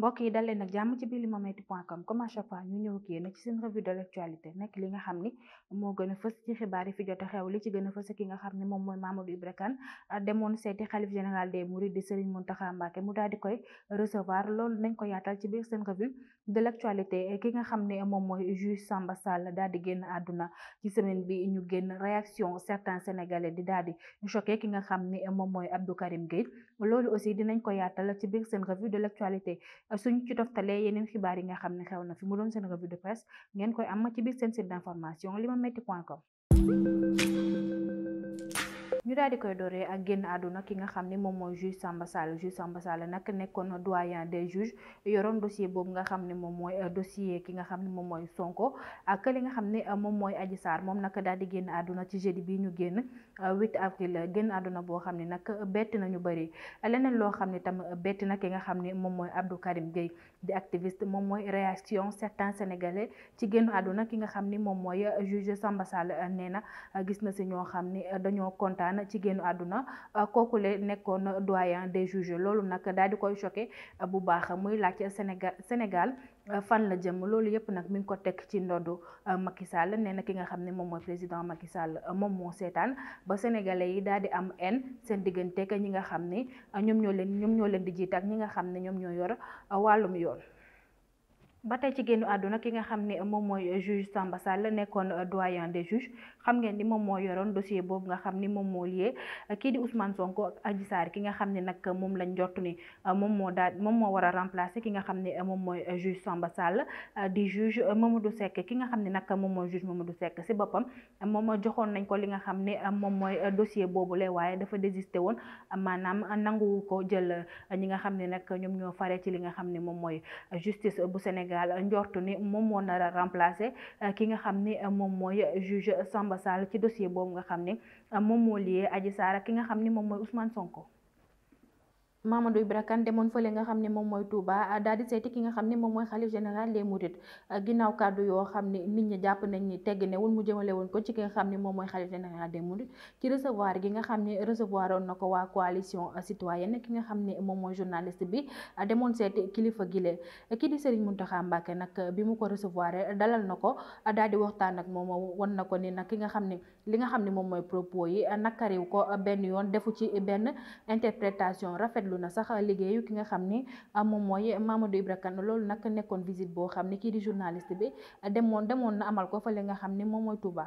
mbokk yi dal leen nag jàmm ci biir limametti point com comme à chaque fois ñu ñëw ak yéen ci seen revue de l'actualité nekk li nga xam ni moo gën a fës ci xibaar yi fi jot a xew li ci a fës moom mooy Mamadou Ibra Kane demoon seeti xalif général des Mourides di Serigne Mountakha Mbacké mu daal di koy recevoir loolu nañ ko yaatal ci biir seen revue de l'actualité ki nga xam ne moom mooy juge Samba Sall daal di génn àdduna ci semaine bi ñu génn réaction certains sénégalais di daal di choqué ki nga xam ne moom mooy Abdou Karim Gueye loolu aussi dinañ ko yaatal ci biir seen revue de l'actualité suñ ci toftalee yeneen xibaar yi nga xam ne xew na fi mu doon seen revue de presse ngeen koy am ci biir seen site d'information limametti point com ñu daal di koy dooree ak génn àdduna ki nga xam ne moom mooy juge Samba Sall juge a Sall nag nekkoon doyen des juges yoroon dossier boobu nga xam ne moom mooy euh, dossier ki nga xam ne moom mooy Sonko ak li nga xam ne euh, moom mooy Adji Sarr moom nag daal di génn àdduna ci jeudi bi ñu génn 8 euh, avril génn àdduna boo xam ne nag bett nañu bëri leneen loo xam ne tam bett na ki nga xam ne moom mooy Abdou Karim Gueye di activiste moom mooy réaction certains sénégalais ci génn àdduna ki nga xam ne moom mooy juge Samba Sall nee na gis na si ñoo xam ne dañoo kontaan fan ci génnu àdduna euh, kooku le nekkoon doyen des juges loolu nag daal di koy choqué euh, bu baax muy laaj Sénégal Sénégal euh, fan la jëm loolu yëpp nag mu ngi ko teg ci ndodu Macky Sall nee na ki nga xam ne moom mooy président Macky Sall moom moo seetaan ba sénégalais yi daal di am haine seen digganteeg ñi nga xam ne ñoom ñoo leen ñoom ñoo leen di jiite ak ñi nga xam ne ñoom ñoo yor wàllum yoon. ba tey ci ki nga xam ne moom mooy juge Samba Sall nekkoon doyan des juges xam ngeen ni moom moo yoroon dossier boobu nga xam ni moom moo lié euh, kii di Ousmane Sonko ak Adji ki nga xam ne nag moom lañ jot ni euh, moom moo daal moom moo war a remplacer ki nga xam ne euh, moom mooy juge Samba Sall di juge Mamadou Seck ki nga xam ne nag moom mooy juge Mamadou Seck si boppam moom joxoon nañ ko li nga xam ne moom mooy dossier boobu la waaye dafa désisté woon maanaam nanguwu ko jël ñi nga xam ne nag ñoom ñoo fare ci li nga xam ne moom mooy justice bu Sénégal njortu ni moom moo nar a ki nga xam ne moom mooy juge Samba Demba Sall ci dossier boobu nga xam ne moom moo liyee Adji Sarr ak ki nga xam ni moom mooy Ousmane Sonko Mamadou Ibra Kane demoon fële nga xam ne moom mooy Touba daal di seeti ki nga xam ne moom mooy xalif général les Mourides ginnaaw kàddu yoo xam ne nit ñi jàpp nañ ni tegg newul mu jëmale woon ko ci ki nga xam ne moom mooy xalif général des Mourides ci recevoir gi nga xam ne recevoir oon na ko waa coalition citoyenne ki nga xam ne moom mooy journaliste bi demoon seeti kilifa gile kii di Serigne Mountakha Mbacké nag bi mu ko recevoir dalal na ko daal di waxtaan ak moom won na ko ni nag ki nga xam ne li nga xam ne moom mooy propos yi nakariw ko benn yoon defu ci benn interprétation rafet lu na sax liggéeyu ki nga xam ni ah, moom mooy Mamadou Ibra Kane loolu nag nekkoon visite boo xam ni kii di journaliste bi demoon demoon na amal ko fa li nga xam ni moom mooy Touba.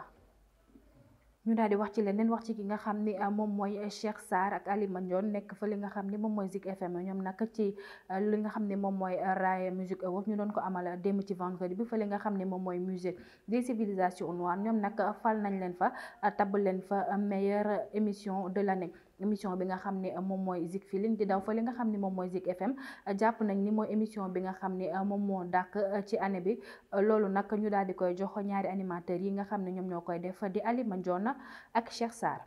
ñu daal di wax ci leneen wax ci ki nga xam ni euh, moom mooy Cheikh Sarr ak Ali Mandione nekk fa li nga xam ni moom mooy Zik FM ñoom nag ci euh, li nga xam ne moom mooy euh, Raaya Musique Awards ñu doon ko amal démb ci vendredi bi fa li nga xam ne moom mooy musée des civilisations noires ñoom nag fal nañ leen fa tabb leen fa meilleure émission de nekk émission bi nga xam ne moom mooy Zik Feeling di daw fa li nga xam ne moom mooy Zik FM jàpp nañ ni mooy émission bi nga xam ne moom moo dàq ci année bi loolu nag ñu daal di koy joxo ñaari animateurs yi nga xam ne ñoom ñoo koy def di Ali Mandione ak Cheikh Sarr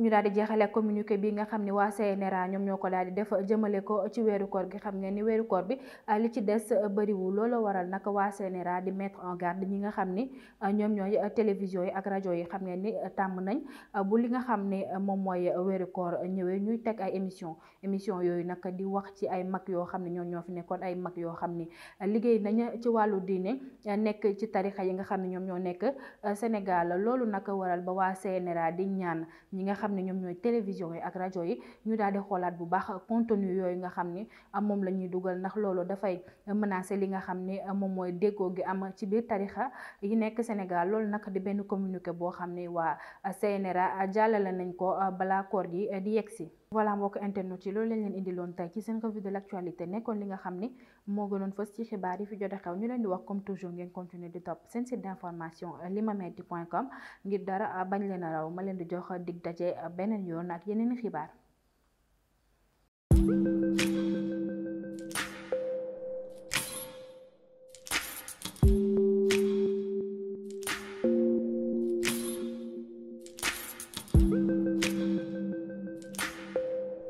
ñu daal di jeexale communiqué bi nga xam ni waa CNRA ñoom ñoo ko daal di def jëmale ko ci weeru koor gi xam ngeen ni weeru koor bi ah, li ci des ah, bëriwul looloo waral nag waa CNRA di mettre en garde ñi nga xam ni ah, ñoom ñooy télévision yi ak rajo yi xam ngeen ni tàmm nañ bu li nga xam ni moom mooy weeru koor ñëwee ñuy teg ay émission émission yooyu nag di wax ci ay mag yoo xam ne ñoom ñoo fi nekkoon ay mag yoo xam ni liggéey nañ ci wàllu diine nekk ci tarixa yi nga xam ne ñoom ñoo nekk Sénégal loolu nag waral ba waa CNRA di ñaan ñi nga xam xam ñoom ñooy télévision yi ak rajo yi ñu daal di xoolaat bu baax contenu yooyu nga xam ni moom la ñuy dugal ndax loolu dafay menacer li nga xam ni moom mooy déggoo gi am ci biir tarixa yi nekk Sénégal loolu nag di benn communiqué boo xam ni waa CNRA jàllale nañ ko balaakoor gi di yegsi voilà mbokk internet yi loolu lañ leen indiloon loon tey ci seen revue de l'actualité nekkoon li nga xam ni moo gënoon fës ci xibaar yi fi jot a xew ñu leen di wax comme toujours ngeen continuer di topp seen site d'information limametti point com ngir dara bañ leen a raw ma leen di jox dig daje beneen yoon ak yeneen xibaar